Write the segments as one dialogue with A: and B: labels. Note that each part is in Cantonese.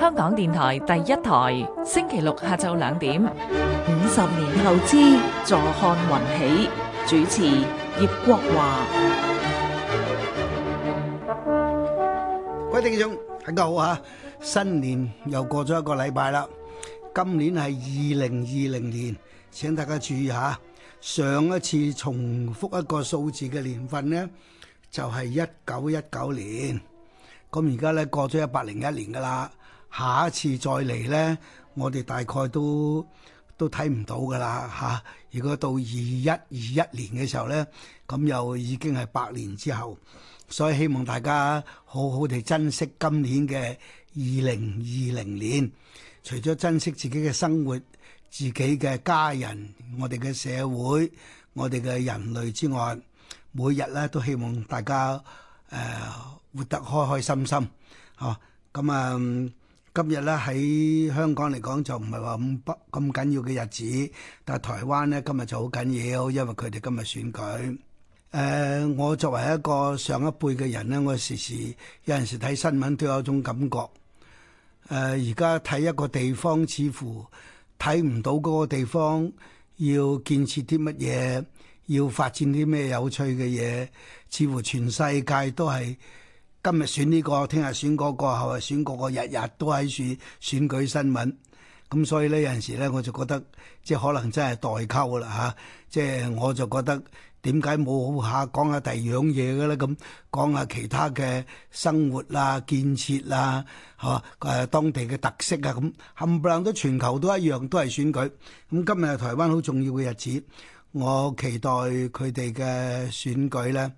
A: 香港電台第一台，星期六下晝兩點。五十年投資，坐看雲起。主持葉國華。各位聽眾，大家好啊！新年又過咗一個禮拜啦。今年係二零二零年，請大家注意吓，上一次重複一個數字嘅年份呢。就係一九一九年，噉而家呢，過咗一百零一年㗎喇，下一次再嚟呢，我哋大概都都睇唔到㗎喇吓。如果到二一二一年嘅時候呢，噉又已經係百年之後，所以希望大家好好地珍惜今年嘅二零二零年，除咗珍惜自己嘅生活、自己嘅家人、我哋嘅社會、我哋嘅人類之外。每日咧都希望大家誒、呃、活得開開心心嚇。咁啊，今日咧喺香港嚟講就唔係話咁不咁緊要嘅日子，但係台灣咧今日就好緊要，因為佢哋今日選舉。誒、呃，我作為一個上一輩嘅人咧，我時時有陣時睇新聞都有種感覺。誒、呃，而家睇一個地方，似乎睇唔到嗰個地方要建設啲乜嘢。要發展啲咩有趣嘅嘢？似乎全世界都係今日選呢個，聽日選嗰個，後日選嗰個。日日都喺選選舉新聞。咁所以呢，有陣時咧，我就覺得即係可能真係代溝啦嚇、啊。即係我就覺得點解冇好下講下第二樣嘢嘅咧？咁講下其他嘅生活啊、建設啊，嚇、啊、誒當地嘅特色啊咁，冚唪唥都全球都一樣，都係選舉。咁今日係台灣好重要嘅日子。我期待佢哋嘅選舉咧，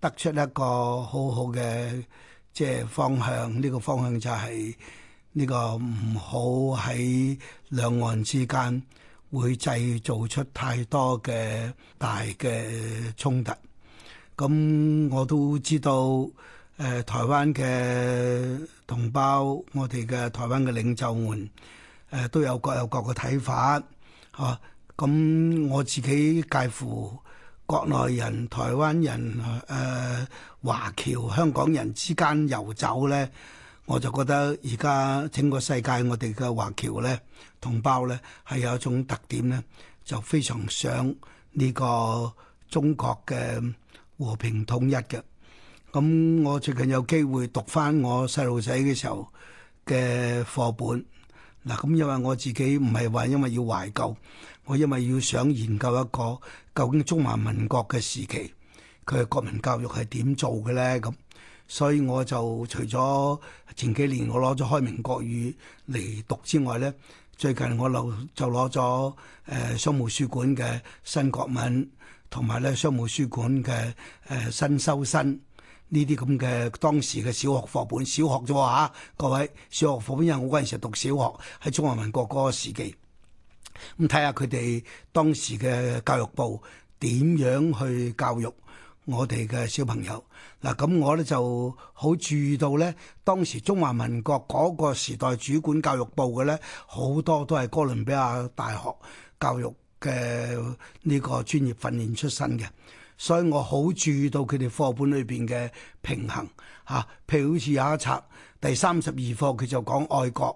A: 得出一個好好嘅即係方向。呢個方向就係呢個唔好喺兩岸之間會製造出太多嘅大嘅衝突。咁我都知道，誒台灣嘅同胞，我哋嘅台灣嘅領袖們，誒都有各有各嘅睇法，嚇。咁我自己介乎國內人、台灣人、誒、呃、華僑、香港人之間遊走咧，我就覺得而家整個世界我哋嘅華僑咧同胞咧係有一種特點咧，就非常想呢個中國嘅和平統一嘅。咁我最近有機會讀返我細路仔嘅時候嘅課本嗱，咁因為我自己唔係話因為要懷舊。我因為要想研究一個究竟中華民國嘅時期，佢嘅國民教育係點做嘅咧？咁，所以我就除咗前幾年我攞咗《開明國語》嚟讀之外咧，最近我留就攞咗誒商務書館嘅新國文，同埋咧商務書館嘅誒新修身呢啲咁嘅當時嘅小學課本，小學啫喎、吓、各位，小學課本因為我嗰陣時讀小學喺中華民國嗰個時期，咁睇下佢哋當時嘅教育部點樣去教育我哋嘅小朋友嗱，咁我咧就好注意到咧，當時中華民國嗰個時代主管教育部嘅咧，好多都係哥倫比亞大學教育嘅呢個專業訓練出身嘅，所以我好注意到佢哋課本裏邊嘅平衡嚇，啊、譬如好似有一冊第三十二課，佢就講愛國，誒、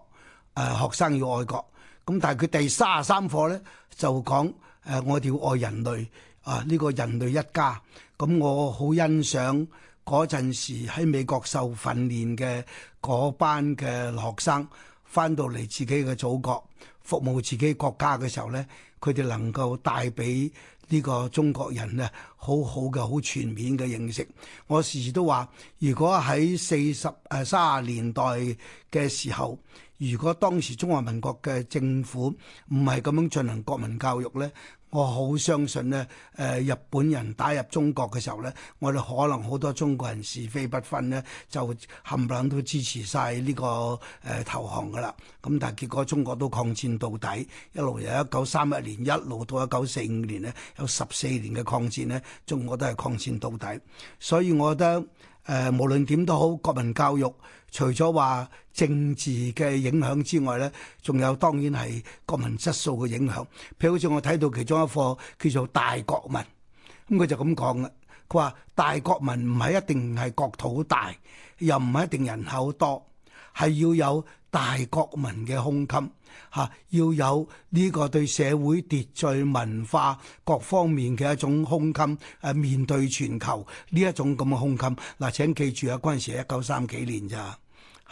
A: 呃，學生要愛國。咁但係佢第三十三課咧，就講誒、呃，我哋要愛人類啊！呢、這個人類一家，咁、嗯、我好欣賞嗰陣時喺美國受訓練嘅嗰班嘅學生，翻到嚟自己嘅祖國服務自己國家嘅時候咧，佢哋能夠帶俾呢個中國人咧好好嘅、好全面嘅認識。我時時都話，如果喺四十誒三十年代嘅時候。如果當時中華民國嘅政府唔係咁樣進行國民教育咧，我好相信咧，誒、呃、日本人打入中國嘅時候咧，我哋可能好多中國人是非不分咧，就冚唪唥都支持晒呢、這個誒、呃、投降噶啦。咁但係結果中國都抗戰到底，一路由一九三一年一路到一九四五年咧，有十四年嘅抗戰咧，中國都係抗戰到底。所以我覺得誒、呃，無論點都好，國民教育。除咗話政治嘅影響之外咧，仲有當然係國民質素嘅影響。譬如好似我睇到其中一課叫做《大國民》，咁佢就咁講嘞，佢話大國民唔係一定係國土大，又唔係一定人口多，係要有大國民嘅胸襟。嚇要有呢個對社會秩序、文化各方面嘅一種胸襟，誒、啊、面對全球呢一種咁嘅胸襟。嗱、啊，請記住啊，嗰陣時係一九三幾年咋，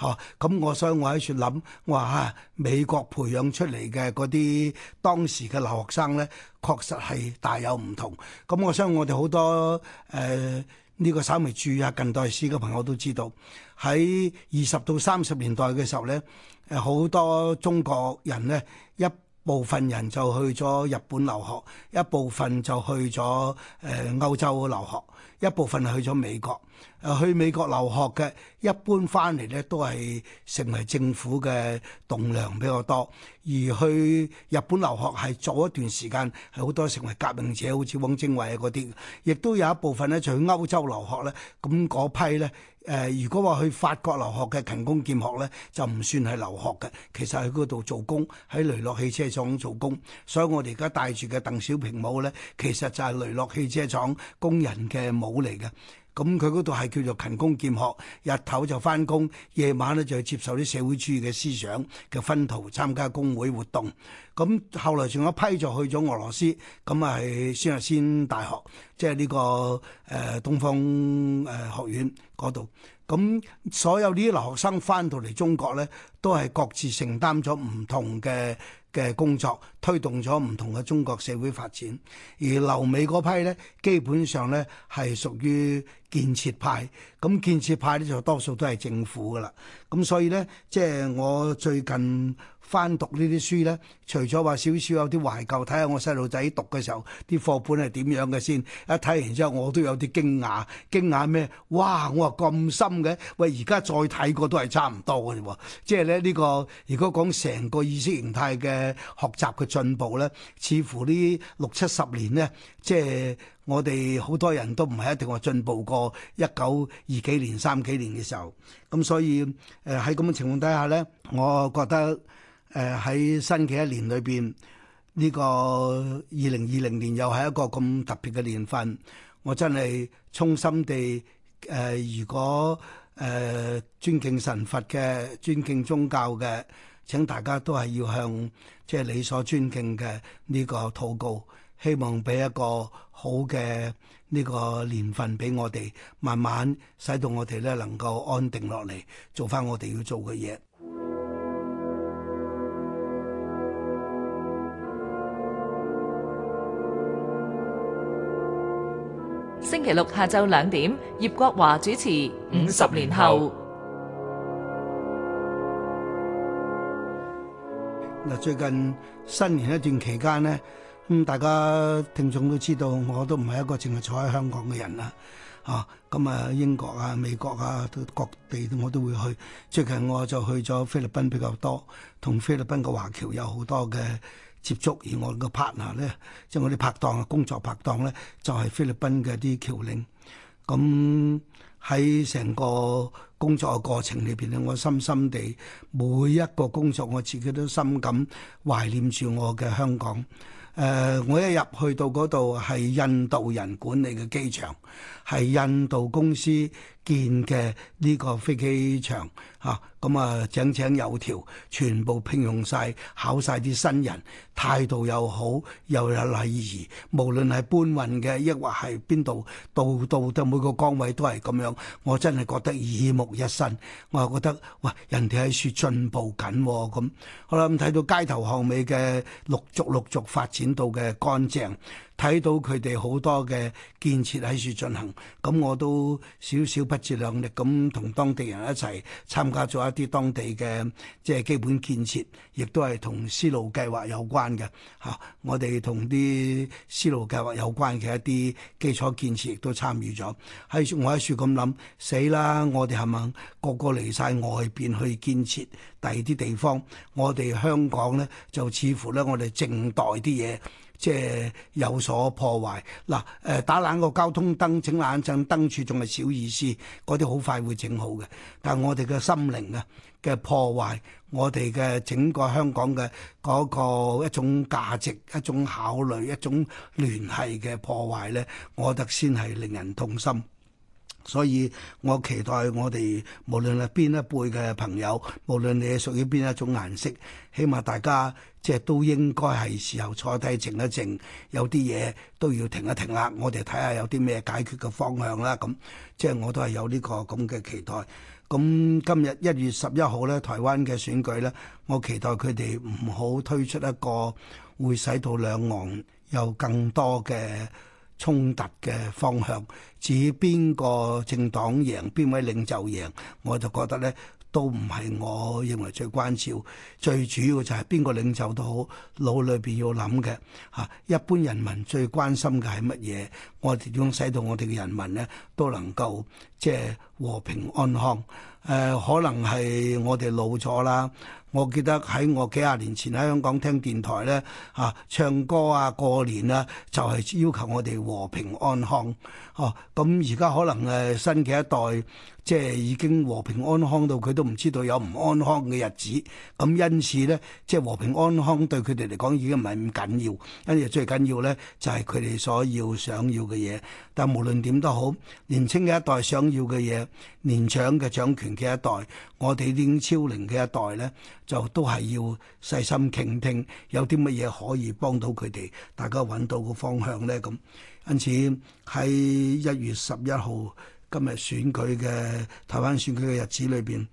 A: 嚇、啊、咁。所以我喺處諗，我話嚇美國培養出嚟嘅嗰啲當時嘅留學生咧，確實係大有唔同。咁我相信我哋好多誒呢、呃這個稍微注意下近代史嘅朋友都知道，喺二十到三十年代嘅時候咧。誒好多中國人咧，一部分人就去咗日本留學，一部分就去咗誒、呃、歐洲留學，一部分去咗美國。誒去美國留學嘅一般翻嚟咧，都係成為政府嘅棟梁比較多。而去日本留學係做一段時間，係好多成為革命者，好似汪精衛嗰啲。亦都有一部分咧，就去歐洲留學咧。咁嗰批咧。誒、呃，如果話去法國留學嘅勤工儉學咧，就唔算係留學嘅。其實喺嗰度做工，喺雷諾汽車廠做工。所以我哋而家戴住嘅鄧小平帽咧，其實就係雷諾汽車廠工人嘅帽嚟嘅。咁佢嗰度係叫做勤工儉學，日頭就翻工，夜晚咧就接受啲社會主義嘅思想嘅熏陶，參加工會活動。咁後來仲有一批就去咗俄羅斯，咁啊係孫逸仙大學，即係呢個誒東方誒學院嗰度。咁所有呢啲留學生翻到嚟中國咧，都係各自承擔咗唔同嘅嘅工作，推動咗唔同嘅中國社會發展。而留美嗰批咧，基本上咧，係屬於。建設派，咁建設派咧就多數都係政府噶啦，咁所以咧即係我最近翻讀呢啲書咧，除咗話少少有啲懷舊，睇下我細路仔讀嘅時候啲課本係點樣嘅先，一睇完之後我都有啲驚訝，驚訝咩？哇！我話咁深嘅，喂！而家再睇過都係差唔多嘅啫，即係咧呢個如果講成個意識形態嘅學習嘅進步咧，似乎呢六七十年咧即係。就是我哋好多人都唔係一定話進步過一九二幾年、三幾年嘅時候，咁所以誒喺咁嘅情況底下咧，我覺得誒喺新嘅一年裏邊，呢個二零二零年又係一個咁特別嘅年份，我真係衷心地誒、呃，如果誒、呃、尊敬神佛嘅、尊敬宗教嘅，請大家都係要向即係你所尊敬嘅呢個禱告。希望俾一個好嘅呢個年份俾我哋，慢慢使到我哋咧能夠安定落嚟，做翻我哋要做嘅嘢。星期六下晝兩點，葉國華主持《五十年後》。嗱，最近新年一段期間呢。咁大家聽眾都知道，我都唔係一個淨係坐喺香港嘅人啦，嚇咁啊、嗯、英國啊美國啊，各地我都會去。最近我就去咗菲律賓比較多，同菲律賓嘅華僑有好多嘅接觸。而我個 partner 咧，即係我啲拍檔啊，工作拍檔咧，就係、是、菲律賓嘅啲僑領。咁喺成個工作嘅過程裏邊咧，我深深地每一個工作我自己都深感懷念住我嘅香港。誒，uh, 我一入去到嗰度係印度人管理嘅機場，係印度公司。建嘅呢個飛機場嚇，咁啊，井井有條，全部聘用曬考曬啲新人，態度又好，又有禮儀。無論係搬運嘅，抑或係邊度，到到到每個崗位都係咁樣。我真係覺得耳目一新，我又覺得哇，人哋喺度進步緊喎。咁好啦，咁睇到街頭巷尾嘅陸續陸續發展到嘅乾淨，睇到佢哋好多嘅建設喺處進行，咁我都少少不不自量力咁同當地人一齊參加咗一啲當地嘅即係基本建設，亦都係同絲路計劃有關嘅嚇、啊。我哋同啲絲路計劃有關嘅一啲基礎建設亦都參與咗。喺我喺樹咁諗，死啦！我哋係咪個個嚟晒外邊去建設第二啲地方？我哋香港咧就似乎咧，我哋靜待啲嘢。即係有所破壞，嗱誒打爛個交通燈、整爛陣燈，燈柱，仲係小意思，嗰啲好快會整好嘅。但係我哋嘅心靈啊嘅破壞，我哋嘅整個香港嘅嗰個一種價值、一種考慮、一種聯繫嘅破壞咧，我覺得先係令人痛心。所以我期待我哋無論係邊一輩嘅朋友，無論你係屬於邊一種顏色，希望大家即係都應該係時候坐低靜一靜，有啲嘢都要停一停啦，我哋睇下有啲咩解決嘅方向啦。咁即係我都係有呢個咁嘅期待。咁今日一月十一號咧，台灣嘅選舉咧，我期待佢哋唔好推出一個會使到兩岸有更多嘅衝突嘅方向，至於邊個政黨贏，邊位領袖贏，我就覺得咧都唔係我認為最關照，最主要就係邊個領袖都好，腦裏邊要諗嘅嚇一般人民最關心嘅係乜嘢？我哋點樣使到我哋嘅人民咧都能夠即係、就是、和平安康？誒、呃，可能係我哋老咗啦。我記得喺我幾廿年前喺香港聽電台咧，嚇、啊、唱歌啊過年啊，就係、是、要求我哋和平安康。哦、啊，咁而家可能誒新嘅一代，即係已經和平安康到佢都唔知道有唔安康嘅日子。咁、嗯、因此咧，即係和平安康對佢哋嚟講已經唔係咁緊要。跟住最緊要咧，就係佢哋所要想要嘅嘢。但無論點都好，年青嘅一代想要嘅嘢，年長嘅掌權嘅一代，我哋呢啲超齡嘅一代咧。就都係要細心傾聽，有啲乜嘢可以幫到佢哋，大家揾到個方向咧咁。因此喺一月十一號今日選舉嘅台灣選舉嘅日子裏邊，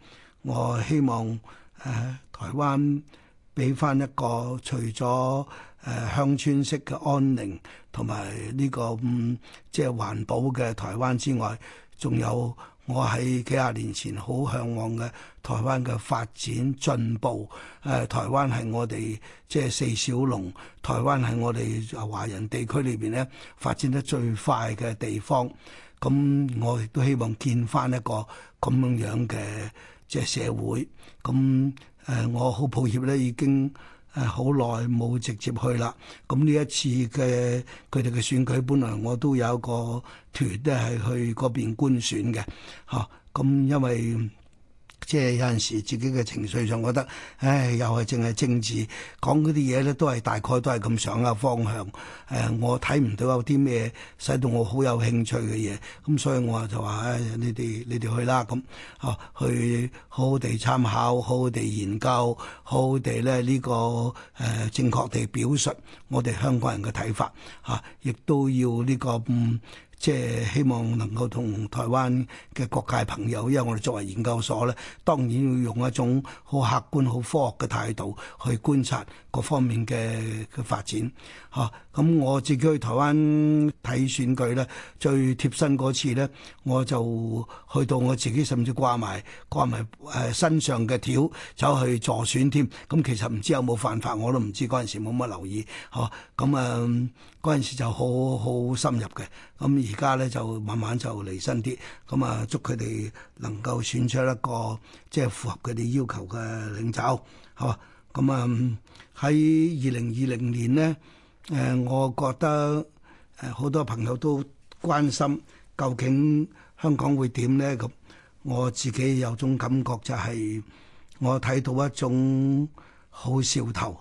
A: 我希望誒、呃、台灣俾翻一個除咗誒、呃、鄉村式嘅安寧同埋呢個嗯即係、就是、環保嘅台灣之外，仲有。我喺幾廿年前好向往嘅台灣嘅發展進步，誒、呃，台灣係我哋即係四小龍，台灣係我哋華人地區裏邊咧發展得最快嘅地方。咁我亦都希望見返一個咁樣樣嘅即係社會。咁誒、呃，我好抱歉咧，已經。誒好耐冇直接去啦，咁呢一次嘅佢哋嘅選舉，本來我都有個團咧係去嗰邊觀選嘅，嚇，咁因為。即係有陣時自己嘅情緒上覺得，唉，又係淨係政治講嗰啲嘢咧，都係大概都係咁上嘅方向。誒、呃，我睇唔到有啲咩使到我好有興趣嘅嘢，咁所以我話就話，誒，你哋你哋去啦，咁嚇，去好好地參考，好好好地研究，好好好地咧呢、這個誒、呃、正確地表述我哋香港人嘅睇法嚇，亦、啊、都要呢、這個。嗯即係希望能夠同台灣嘅各界朋友，因為我哋作為研究所咧，當然要用一種好客觀、好科學嘅態度去觀察各方面嘅嘅發展。嚇，咁我自己去台灣睇選舉咧，最貼身嗰次咧，我就去到我自己甚至掛埋掛埋誒身上嘅條走去助選添。咁其實唔知有冇犯法，我都唔知嗰陣時冇乜留意。嚇，咁啊～、嗯嗰陣時就好好深入嘅，咁而家咧就慢慢就離身啲，咁啊祝佢哋能夠選出一個即係符合佢哋要求嘅領袖，好，咁啊喺二零二零年咧，誒，我覺得誒好多朋友都關心究竟香港會點咧，咁我自己有種感覺就係我睇到一種好兆頭。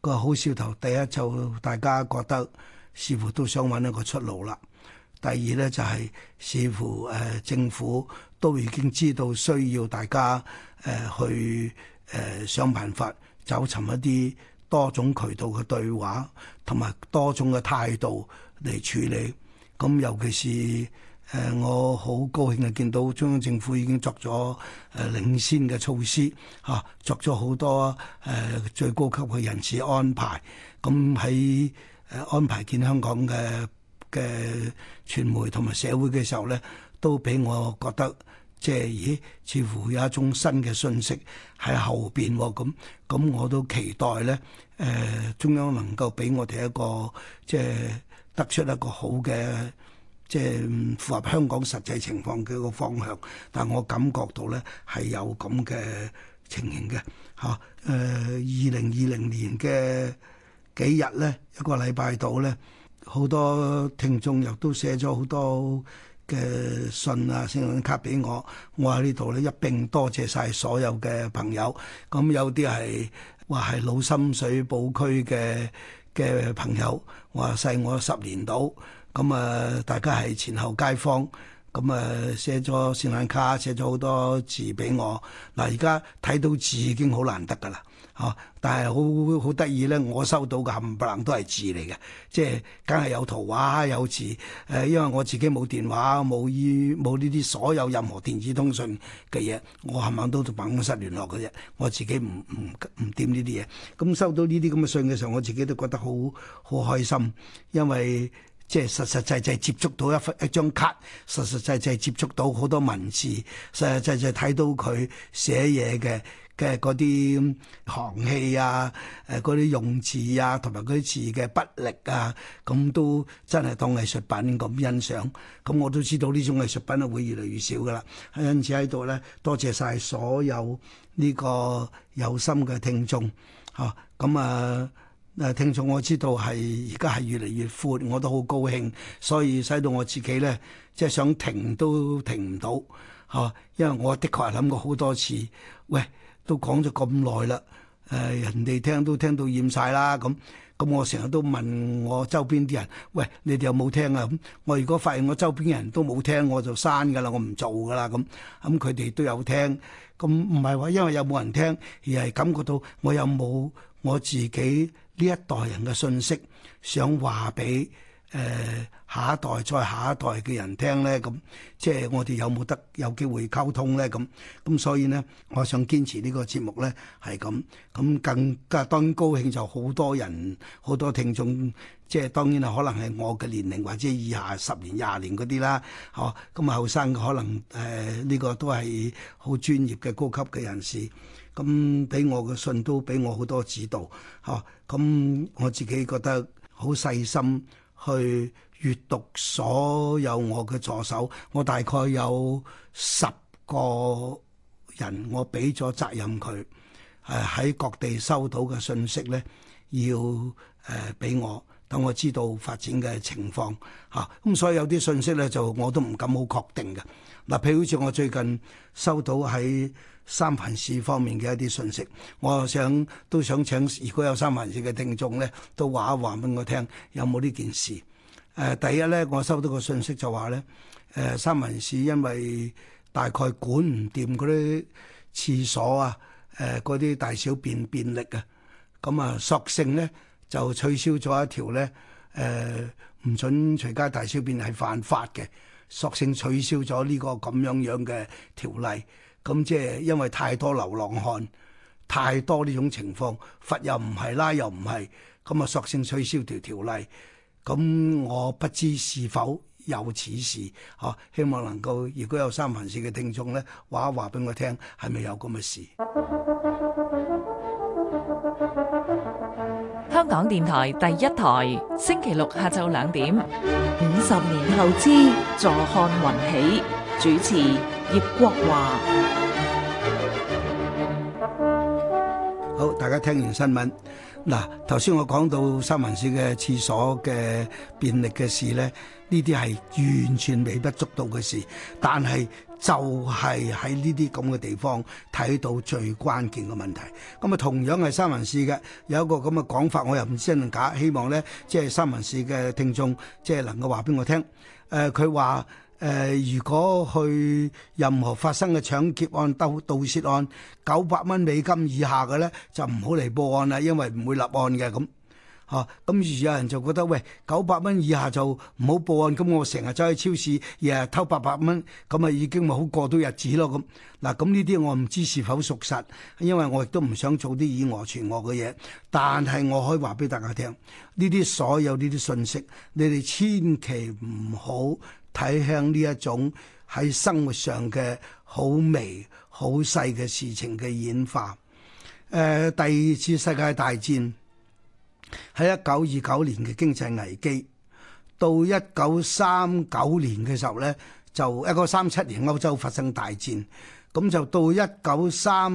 A: 個好兆頭，第一就大家覺得似乎都想搵一個出路啦。第二呢就係、是、似乎誒、呃、政府都已經知道需要大家誒、呃、去誒、呃、想辦法走尋一啲多種渠道嘅對話，同埋多種嘅態度嚟處理。咁、嗯、尤其是。誒，我好高興啊！見到中央政府已經作咗誒領先嘅措施嚇，作咗好多誒最高級嘅人士安排。咁喺安排見香港嘅嘅傳媒同埋社會嘅時候咧，都俾我覺得即係咦，似乎有一種新嘅信息喺後邊喎。咁、哦、咁我都期待咧，誒、呃、中央能夠俾我哋一個即係、就是、得出一個好嘅。即係符合香港實際情況嘅一個方向，但我感覺到咧係有咁嘅情形嘅嚇。誒，二零二零年嘅幾日咧，一個禮拜度咧，好多聽眾又都寫咗好多嘅信啊、信用卡俾我，我喺呢度咧一並多謝晒所有嘅朋友。咁有啲係話係老深水埗區嘅嘅朋友，話細我十年度。咁啊、嗯，大家係前後街坊，咁、嗯、啊寫咗信眼卡，寫咗好多字俾我。嗱，而家睇到字已經好難得噶啦，哦、嗯！但係好好得意咧，我收到嘅冚唪唥都係字嚟嘅，即係梗係有圖畫有字。誒、呃，因為我自己冇電話冇依冇呢啲所有任何電子通訊嘅嘢，我冚唪唥都同辦公室聯絡嘅啫，我自己唔唔唔掂呢啲嘢。咁、嗯、收到呢啲咁嘅信嘅時候，我自己都覺得好好開心，因為，即係實實際際接觸到一一幅一張卡，實實際際接觸到好多文字，實實際際睇到佢寫嘢嘅嘅嗰啲行氣啊，誒嗰啲用字啊，同埋嗰啲字嘅筆力啊，咁都真係當藝術品咁欣賞。咁我都知道呢種藝術品咧會越嚟越少㗎喇，因此喺度咧多謝晒所有呢個有心嘅聽眾嚇，咁啊～、嗯呃誒聽眾我知道係而家係越嚟越闊，我都好高興，所以使到我自己咧，即係想停都停唔到吓，因為我的確係諗過好多次，喂，都講咗咁耐啦，誒、呃、人哋聽都聽到厭晒啦咁，咁我成日都問我周邊啲人，喂，你哋有冇聽啊？咁我如果發現我周邊人都冇聽，我就刪㗎啦，我唔做㗎啦咁，咁佢哋都有聽，咁唔係話因為有冇人聽，而係感覺到我有冇我自己。呢一代人嘅信息，想話俾誒下一代、再下一代嘅人聽咧，咁即係我哋有冇得有機會溝通咧？咁咁所以咧，我想堅持呢個節目咧係咁，咁更加當高興就好多人好多聽眾，即係當然係可能係我嘅年齡或者以下十年、廿年嗰啲啦，哦，咁後生嘅可能誒呢個都係好專業嘅高級嘅人士。咁俾我嘅信都俾我好多指導吓，咁、啊、我自己覺得好細心去閱讀所有我嘅助手，我大概有十個人，我俾咗責任佢，係、啊、喺各地收到嘅信息咧，要誒俾、呃、我。等我知道發展嘅情況嚇，咁、啊、所以有啲信息咧就我都唔敢好確定嘅。嗱，譬如好似我最近收到喺三藩市方面嘅一啲信息，我想都想請如果有三藩市嘅聽眾咧，都話一話俾我聽，有冇呢件事？誒、呃，第一咧，我收到個信息就話咧，誒、呃、三藩市因為大概管唔掂嗰啲廁所啊，誒嗰啲大小便便力啊，咁、嗯、啊索性咧。就取消咗一條咧，誒、呃、唔准隨街大小便係犯法嘅，索性取消咗呢個咁樣樣嘅條例。咁即係因為太多流浪漢，太多呢種情況，罰又唔係啦，又唔係，咁啊索性取消條條例。咁我不知是否有此事，嚇、啊，希望能夠如果有三藩市嘅聽眾咧，話一話俾我聽，係咪有咁嘅事？香港電台第一台，星期六下晝兩點。五十年後之，坐看雲起。主持葉國華。好，大家聽完新聞。嗱，頭先我講到三藩市嘅廁所嘅便利嘅事咧，呢啲係完全微不足道嘅事，但係。就係喺呢啲咁嘅地方睇到最關鍵嘅問題。咁啊，同樣係三藩市嘅有一個咁嘅講法，我又唔知真定假。希望咧，即係三藩市嘅聽眾，即係能夠話俾我聽。誒，佢話誒，如果去任何發生嘅搶劫案、盜竊案、九百蚊美金以下嘅咧，就唔好嚟報案啦，因為唔會立案嘅咁。嚇！咁而、啊、有人就覺得喂，九百蚊以下就唔好報案。咁我成日走去超市，日日偷八百蚊，咁咪已經咪好過到日子咯？咁嗱，咁呢啲我唔知是否屬實，因為我亦都唔想做啲以訛傳訛嘅嘢。但係我可以話俾大家聽，呢啲所有呢啲信息，你哋千祈唔好睇向呢一種喺生活上嘅好微好細嘅事情嘅演化。誒、呃，第二次世界大戰。喺一九二九年嘅經濟危機，到一九三九年嘅時候咧，就一九三七年歐洲發生大戰。咁就到一九三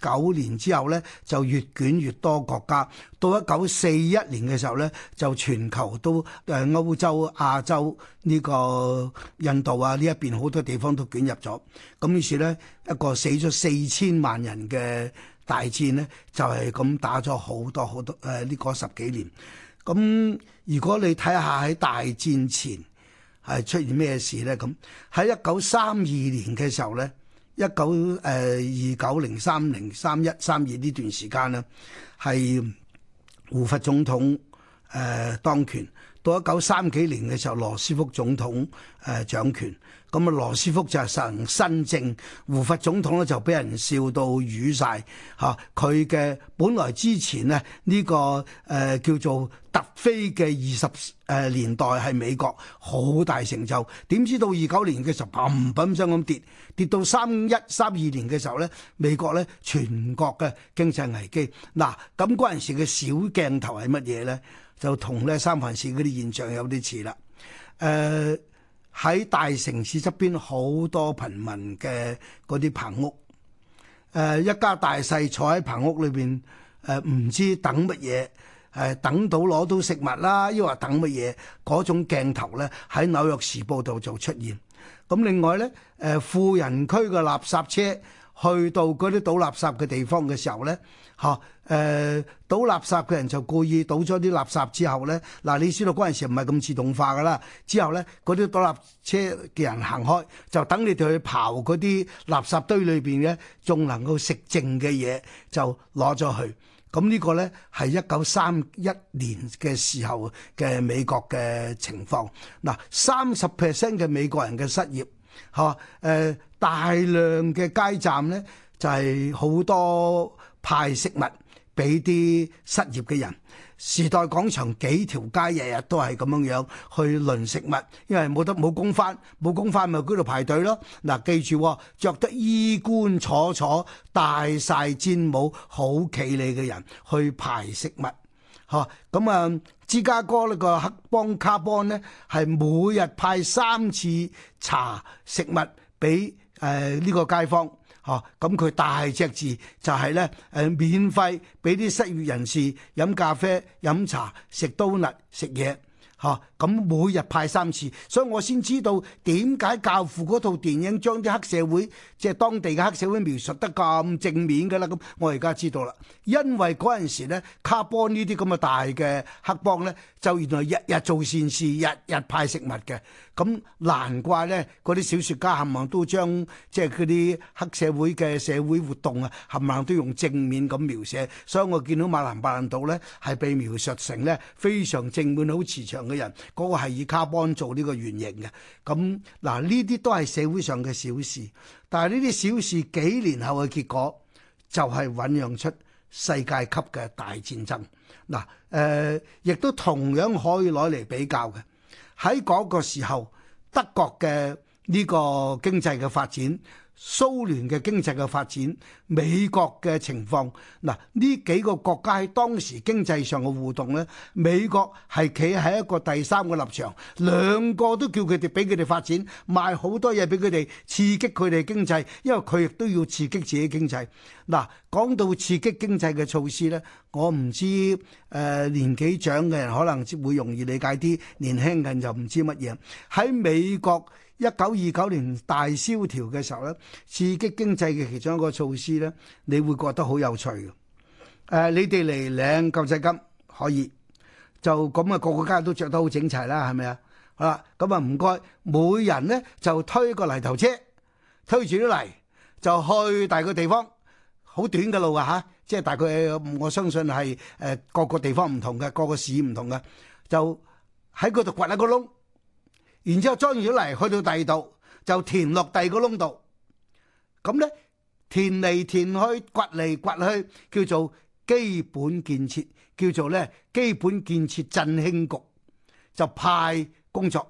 A: 九年之後咧，就越捲越多國家。到一九四一年嘅時候咧，就全球都誒、呃、歐洲、亞洲呢、這個印度啊呢一邊好多地方都捲入咗。咁於是咧，一個死咗四千萬人嘅大戰咧，就係、是、咁打咗好多好多誒呢、呃這個十幾年。咁如果你睇下喺大戰前係出現咩事咧？咁喺一九三二年嘅時候咧。一九誒二九零三零三一三二呢段時間咧，係、uh, uh, 胡佛總統誒、uh, 當權到一九三幾年嘅時候，羅斯福總統誒、uh, 掌權。咁啊，羅斯福就係實行新政，胡佛總統咧就俾人笑到瘀晒。嚇、啊。佢嘅本來之前咧呢、這個誒、呃、叫做突飛嘅二十誒年代係美國好大成就，點知到二九年嘅時候嘣嘣聲咁跌，跌到三一三二年嘅時候咧，美國咧全國嘅經濟危機。嗱、啊，咁嗰陣時嘅小鏡頭係乜嘢咧？就同咧三藩市嗰啲現象有啲似啦，誒、啊。喺大城市側邊好多貧民嘅嗰啲棚屋，誒一家大細坐喺棚屋裏邊，誒唔知等乜嘢，誒等到攞到食物啦，抑或等乜嘢，嗰種鏡頭咧喺紐約時報度就出現。咁另外咧，誒富人區嘅垃圾車去到嗰啲倒垃圾嘅地方嘅時候咧，嚇。誒倒垃圾嘅人就故意倒咗啲垃圾之後咧，嗱，你知道嗰陣時唔係咁自動化噶啦。之後咧，嗰啲倒垃圾車嘅人行開，就等你哋去刨嗰啲垃圾堆裏邊咧仲能夠食剩嘅嘢，就攞咗去。咁呢個咧係一九三一年嘅時候嘅美國嘅情況。嗱，三十 percent 嘅美國人嘅失業嚇，誒大量嘅街站咧就係好多派食物。俾啲失業嘅人，時代廣場幾條街日日都係咁樣樣去輪食物，因為冇得冇工返，冇工返咪喺度排隊咯。嗱、啊，記住着、哦、得衣冠楚楚、戴晒戰帽、好企理嘅人去排食物，嚇，咁啊、嗯！芝加哥呢個黑幫卡邦、bon、呢，係每日派三次查食物俾誒呢個街坊。嚇，咁佢大隻字就係咧，誒，免費俾啲失業人士飲咖啡、飲茶、食刀辣、食嘢，嚇。咁每日派三次，所以我先知道點解教父嗰套電影將啲黑社會即係、就是、當地嘅黑社會描述得咁正面嘅啦。咁我而家知道啦，因為嗰陣時咧，卡邦呢啲咁嘅大嘅黑幫呢，就原來日日做善事，日日派食物嘅。咁難怪呢嗰啲小説家冚唪唥都將即係嗰啲黑社會嘅社會活動啊，冚唪唥都用正面咁描寫。所以我見到馬龍白蘭度呢，係被描述成呢非常正面、好慈祥嘅人。嗰個係以卡邦做呢個原型嘅，咁嗱呢啲都係社會上嘅小事，但係呢啲小事幾年後嘅結果就係、是、醞釀出世界級嘅大戰爭。嗱，誒、呃、亦都同樣可以攞嚟比較嘅，喺嗰個時候德國嘅呢個經濟嘅發展。蘇聯嘅經濟嘅發展，美國嘅情況，嗱呢幾個國家喺當時經濟上嘅互動呢，美國係企喺一個第三個立場，兩個都叫佢哋俾佢哋發展，賣好多嘢俾佢哋，刺激佢哋經濟，因為佢亦都要刺激自己經濟。嗱，講到刺激經濟嘅措施呢，我唔知誒、呃、年紀長嘅人可能會容易理解啲，年輕人就唔知乜嘢喺美國。一九二九年大蕭條嘅時候咧，刺激經濟嘅其中一個措施咧，你會覺得好有趣嘅。誒，你哋嚟領救濟金可以，就咁啊，個個家都著得好整齊啦，係咪啊？好啦，咁啊唔該，每人咧就推個泥頭車，推住啲泥就去大個地方，好短嘅路啊嚇，即係大概我相信係誒各個地方唔同嘅，各個市唔同嘅，就喺嗰度掘一個窿。然之後裝完咗嚟，去到第二度就填落第二個窿度。咁咧填嚟填去，掘嚟掘去，叫做基本建設，叫做咧基本建設振興局就派工作，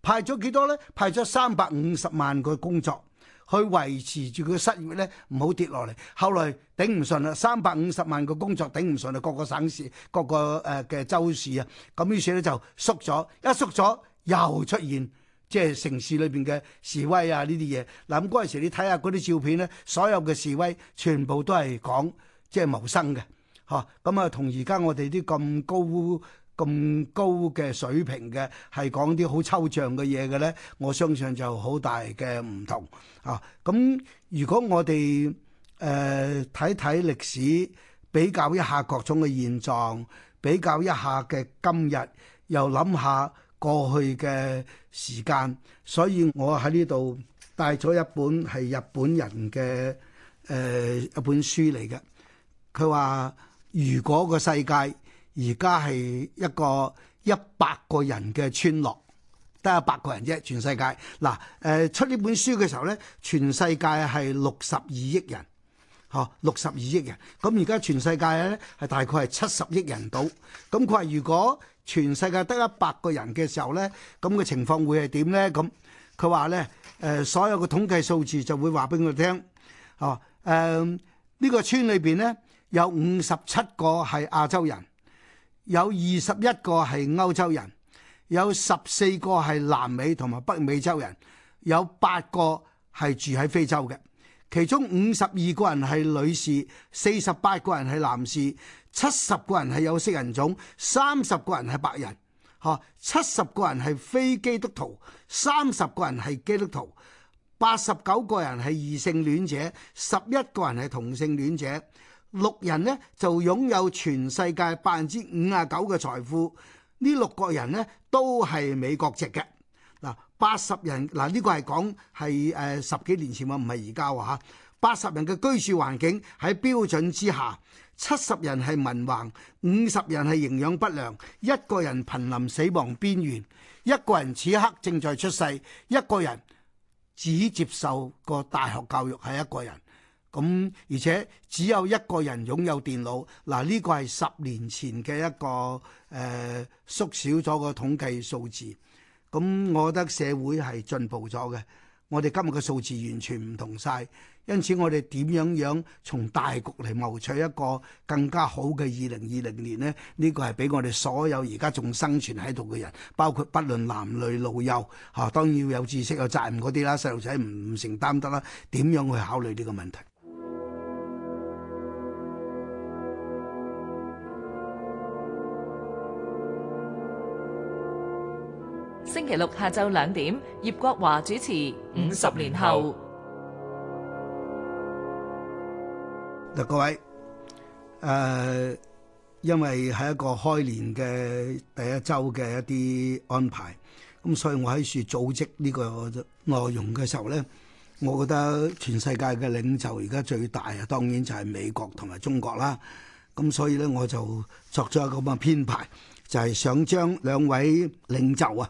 A: 派咗幾多咧？派咗三百五十萬個工作去維持住佢嘅失業咧，唔好跌落嚟。後來頂唔順啦，三百五十萬個工作頂唔順啦，各個省市、各個誒嘅州市啊，咁於是咧就縮咗，一縮咗。又出現即係城市裏邊嘅示威啊！呢啲嘢嗱，咁嗰時，你睇下嗰啲照片咧，所有嘅示威全部都係講即係謀生嘅嚇。咁啊，嗯、同而家我哋啲咁高咁高嘅水平嘅係講啲好抽象嘅嘢嘅咧，我相信就好大嘅唔同啊。咁、嗯、如果我哋誒睇睇歷史，比較一下各種嘅現狀，比較一下嘅今日，又諗下。過去嘅時間，所以我喺呢度帶咗一本係日本人嘅誒、呃、一本書嚟嘅。佢話：如果個世界而家係一個一百個人嘅村落，得一百個人啫。全世界嗱誒出呢本書嘅時候咧，全世界係六十二億人，呵、哦，六十二億人。咁而家全世界咧係大概係七十億人到。咁佢話如果全世界得一百個人嘅時候呢，咁嘅情況會係點呢？咁佢話呢，誒所有嘅統計數字就會話俾佢聽。哦，誒呢個村裏邊呢有五十七個係亞洲人，有二十一個係歐洲人，有十四個係南美同埋北美洲人，有八個係住喺非洲嘅，其中五十二個人係女士，四十八個人係男士。七十個人係有色人種，三十個人係白人，吓七十個人係非基督徒，三十個人係基督徒，八十九個人係異性戀者，十一個人係同性戀者，六人呢就擁有全世界百分之五十九嘅財富，呢六個人呢都係美國籍嘅。嗱，八十人嗱呢個係講係誒十幾年前話唔係而家吓。八十人嘅居住環境喺標準之下，七十人係文盲，五十人係營養不良，一個人瀕臨死亡邊緣，一個人此刻正在出世，一個人只接受過大學教育係一個人，咁而且只有一個人擁有電腦。嗱，呢個係十年前嘅一個誒、呃、縮小咗個統計數字。咁我覺得社會係進步咗嘅，我哋今日嘅數字完全唔同晒。因此，我哋點樣樣從大局嚟謀取一個更加好嘅二零二零年呢，呢、呢個係俾我哋所有而家仲生存喺度嘅人，包括不論男女老幼，吓、啊、當然要有知識、有責任嗰啲啦。細路仔唔唔承擔得啦，點、啊、樣去考慮呢個問題？星期六下晝兩點，葉國華主持《五十年後》五十年後。嗱，各位，誒、呃，因為喺一個開年嘅第一週嘅一啲安排，咁所以我喺度組織呢個內容嘅時候咧，我覺得全世界嘅領袖而家最大啊，當然就係美國同埋中國啦。咁所以咧，我就作咗一個咁嘅編排，就係、是、想將兩位領袖啊，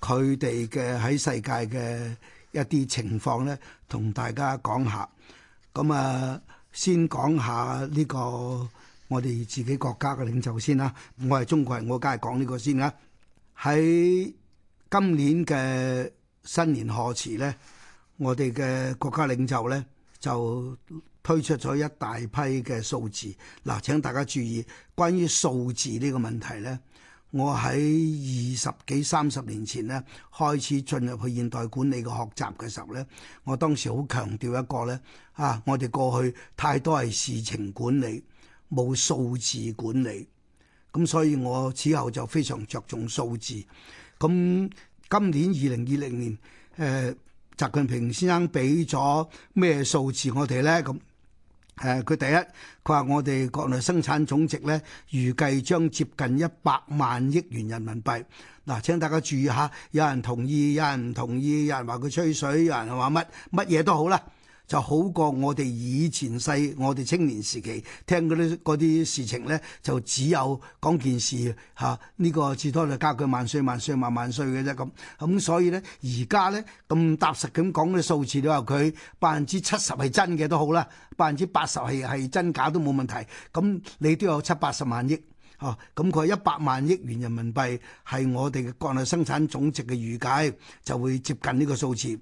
A: 佢哋嘅喺世界嘅一啲情況咧，同大家講下。咁啊～先講下呢個我哋自己國家嘅領袖先啦。我係中國人，我梗係講呢個先啦。喺今年嘅新年賀詞咧，我哋嘅國家領袖咧，就推出咗一大批嘅數字。嗱，請大家注意，關於數字呢個問題咧。我喺二十幾三十年前咧，開始進入去現代管理嘅學習嘅時候咧，我當時好強調一個咧，啊，我哋過去太多係事情管理，冇數字管理，咁所以我此後就非常着重數字。咁今年二零二零年，誒、呃、習近平先生俾咗咩數字我哋咧咁？誒，佢第一，佢話我哋國內生產總值咧，預計將接近一百萬億元人民幣。嗱，請大家注意下，有人同意，有人唔同意，有人話佢吹水，有人話乜乜嘢都好啦。就好過我哋以前細，我哋青年時期聽嗰啲啲事情咧，就只有講件事嚇，呢、啊呢個至多就加佢萬歲萬歲萬萬歲嘅啫咁。咁、啊啊、所以咧，而家咧咁踏實咁講嘅啲數字，你話佢百分之七十係真嘅都好啦，百分之八十係係真假都冇問題。咁、啊、你都有七八十萬億，嚇咁佢一百萬億元人民幣係我哋國內生產總值嘅預計就會接近呢個數字。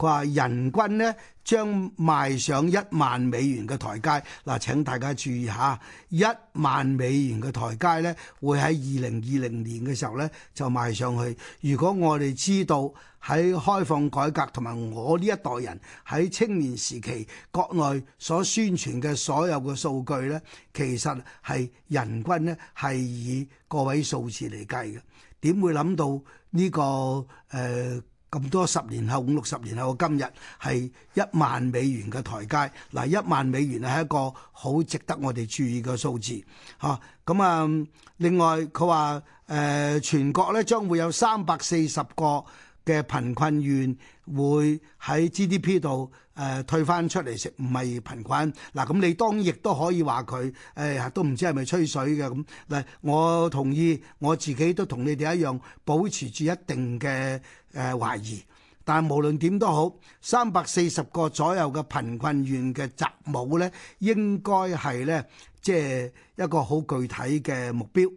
A: 佢話人均呢將邁上一萬美元嘅台階。嗱，請大家注意下，一萬美元嘅台階呢會喺二零二零年嘅時候呢就邁上去。如果我哋知道喺開放改革同埋我呢一代人喺青年時期國內所宣傳嘅所有嘅數據呢，其實係人均呢係以個位數字嚟計嘅，點會諗到呢個誒？呃咁多十年後、五六十年後，今日係一萬美元嘅台階。嗱，一萬美元係一個好值得我哋注意嘅數字。嚇，咁啊，另外佢話誒全國咧將會有三百四十個嘅貧困縣會喺 GDP 度誒退返出嚟食，唔係貧困。嗱，咁你當亦都可以話佢誒都唔知係咪吹水嘅咁。嗱，我同意，我自己都同你哋一樣，保持住一定嘅。誒懷疑，但係無論點都好，三百四十個左右嘅貧困縣嘅摘帽咧，應該係咧，即係一個好具體嘅目標。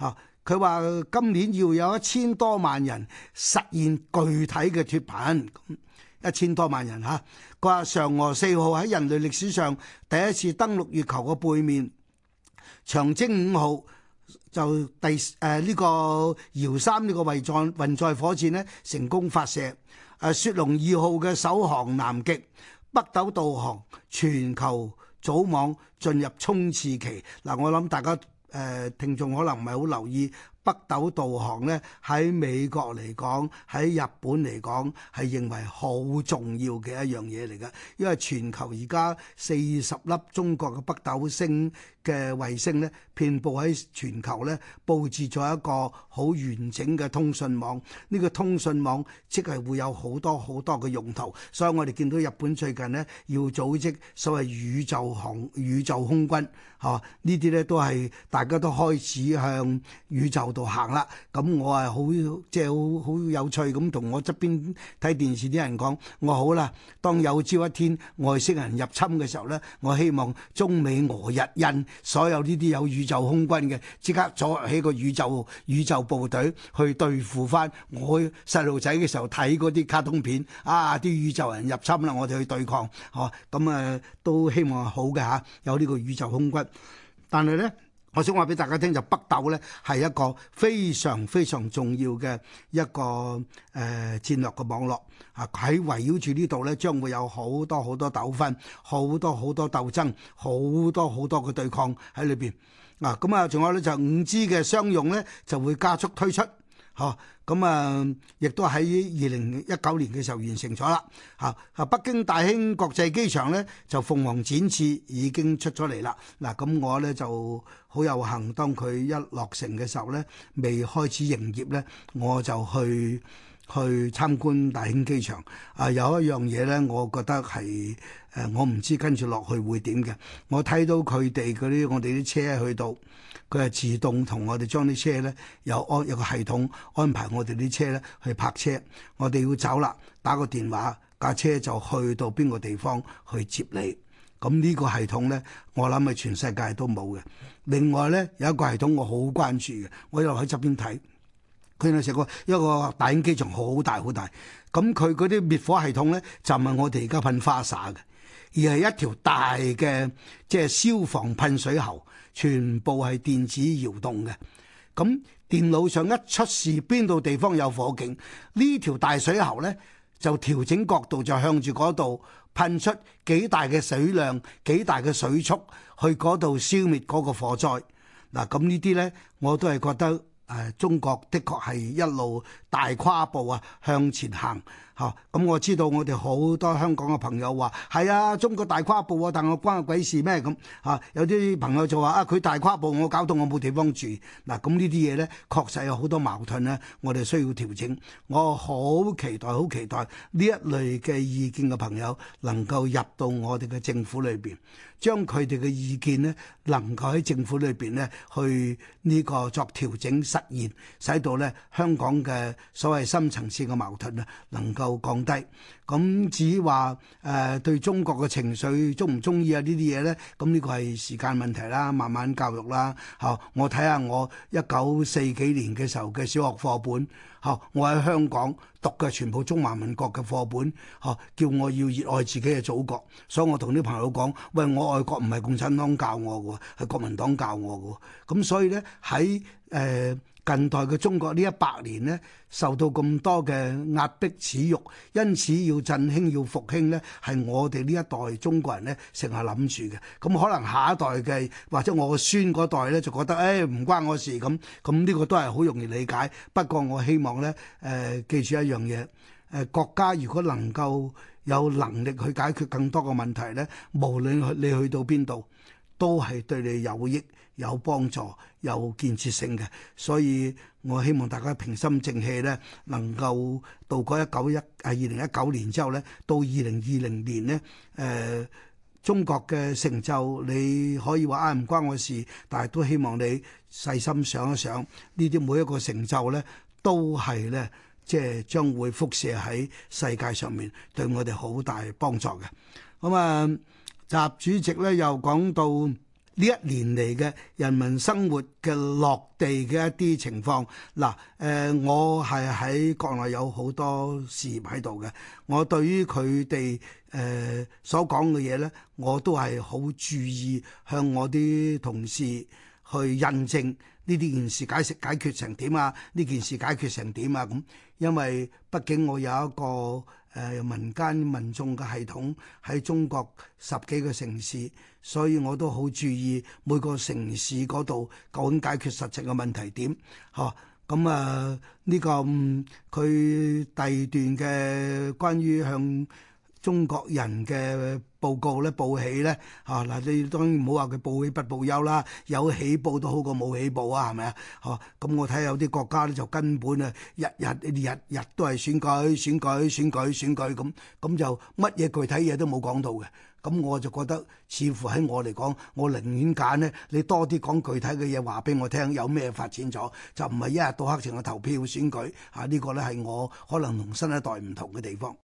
A: 嚇，佢話今年要有一千多萬人實現具體嘅脫貧，一千多萬人嚇。佢話嫦娥四號喺人類歷史上第一次登陸月球嘅背面，長征五號。就第誒呢、啊這個遙三呢個運載運載火箭咧，成功發射，誒、啊、雪龍二號嘅首航南極，北斗導航全球組網進入衝刺期嗱、啊，我諗大家誒、啊、聽眾可能唔係好留意。北斗導航咧喺美國嚟講，喺日本嚟講，係認為好重要嘅一樣嘢嚟嘅。因為全球而家四十粒中國嘅北斗星嘅衛星咧，遍佈喺全球咧，布置咗一個好完整嘅通訊網呢、呢個通訊網即係會有好多好多嘅用途，所以我哋見到日本最近咧要組織所謂宇宙航宇宙空軍嚇、啊、呢啲咧都係大家都開始向宇宙度行啦，咁我係好即係好好有趣咁，同我側邊睇電視啲人講，我好啦。當有朝一天外星人入侵嘅時候呢，我希望中美俄日印所有呢啲有宇宙空軍嘅，即刻組起個宇宙宇宙部隊去對付翻我細路仔嘅時候睇嗰啲卡通片啊！啲宇宙人入侵啦，我哋去對抗哦。咁啊，呃，都希望好嘅嚇，啊，有呢個宇宙空軍，但係呢。我想話俾大家聽，就是、北斗咧係一個非常非常重要嘅一個誒、呃、戰略嘅網絡啊！喺圍繞住呢度咧，將會有好多好多糾紛，好多好多鬥爭，好多好多嘅對抗喺裏邊啊！咁啊，仲有咧就五 G 嘅商用咧就會加速推出。嚇！咁啊，亦都喺二零一九年嘅時候完成咗啦。嚇！啊，北京大興國際機場咧就鳳凰展翅已經出咗嚟啦。嗱，咁我咧就好有幸，當佢一落成嘅時候咧，未開始營業咧，我就去。去參觀大興機場啊！有一樣嘢咧，我覺得係誒、呃，我唔知跟住落去會點嘅。我睇到佢哋嗰啲我哋啲車去到，佢係自動同我哋將啲車咧，有安有個系統安排我哋啲車咧去泊車。我哋要走啦，打個電話，架車就去到邊個地方去接你。咁呢個系統咧，我諗係全世界都冇嘅。另外咧有一個系統我好關注嘅，我又喺側邊睇。佢哋食過一個大型機場，好大好大。咁佢嗰啲滅火系統呢，就唔係我哋而家噴花灑嘅，而係一條大嘅即係消防噴水喉，全部係電子搖動嘅。咁電腦上一出事，邊度地方有火警？呢條大水喉呢，就調整角度，就向住嗰度噴出幾大嘅水量，幾大嘅水速去嗰度消滅嗰個火災。嗱，咁呢啲呢，我都係覺得。誒、呃、中國的確，係一路。大跨步啊，向前行吓，咁、嗯、我知道我哋好多香港嘅朋友話，係啊，中國大跨步啊，但我關個鬼事咩咁吓，有啲朋友就話啊，佢大跨步，我搞到我冇地方住嗱！咁、嗯嗯、呢啲嘢咧，確實有好多矛盾咧，我哋需要調整。我好期待，好期待呢一類嘅意見嘅朋友能夠入到我哋嘅政府裏邊，將佢哋嘅意見咧，能夠喺政府裏邊咧去呢、呢個作調整，實現使到咧香港嘅。所謂深層次嘅矛盾啊，能夠降低。咁至於話誒、呃、對中國嘅情緒鍾唔鍾意啊呢啲嘢咧，咁呢個係時間問題啦，慢慢教育啦。嚇，我睇下我一九四幾年嘅時候嘅小學課本。嚇，我喺香港讀嘅全部中華民國嘅課本。嚇，叫我要熱愛自己嘅祖國。所以我同啲朋友講，喂，我愛國唔係共產黨教我嘅，係國民黨教我嘅。咁所以咧喺誒。近代嘅中國呢一百年咧，受到咁多嘅壓迫、恥辱，因此要振興要復興咧，係我哋呢一代中國人咧，成日諗住嘅。咁、嗯、可能下一代嘅或者我個孫嗰代咧，就覺得誒、欸、唔關我事咁。咁呢個都係好容易理解。不過我希望咧，誒、呃、記住一樣嘢，誒、呃、國家如果能夠有能力去解決更多嘅問題咧，無論你去到邊度，都係對你有益、有幫助、有建設性嘅，所以我希望大家平心靜氣咧，能夠到嗰一九一啊二零一九年之後咧，到二零二零年咧，誒，中國嘅成就你可以話啊唔關我事，但係都希望你細心想一想，呢啲每一個成就咧，都係咧，即係將會輻射喺世界上面對我哋好大幫助嘅。咁啊～習主席咧又講到呢一年嚟嘅人民生活嘅落地嘅一啲情況，嗱，誒、呃、我係喺國內有好多事業喺度嘅，我對於佢哋誒所講嘅嘢咧，我都係好注意向我啲同事去印證呢啲件事解決解決成點啊，呢件事解決成點啊咁，因為畢竟我有一個。誒民間民眾嘅系統喺中國十幾個城市，所以我都好注意每個城市嗰度究竟解決實情嘅問題點，嚇咁啊呢、嗯啊呢個佢第二段嘅關於向。中國人嘅報告咧，報喜咧嚇嗱，你當然唔好話佢報喜不報憂啦，有喜報都好過冇喜報啊，係咪啊？嚇咁我睇有啲國家咧就根本啊，日日呢啲日日都係選舉、選舉、選舉、選舉咁，咁就乜嘢具體嘢都冇講到嘅。咁我就覺得，似乎喺我嚟講，我寧願揀咧，你多啲講具體嘅嘢話俾我聽，有咩發展咗，就唔係一日到黑淨係投票選舉嚇。呢個咧係我可能同新一代唔同嘅地方。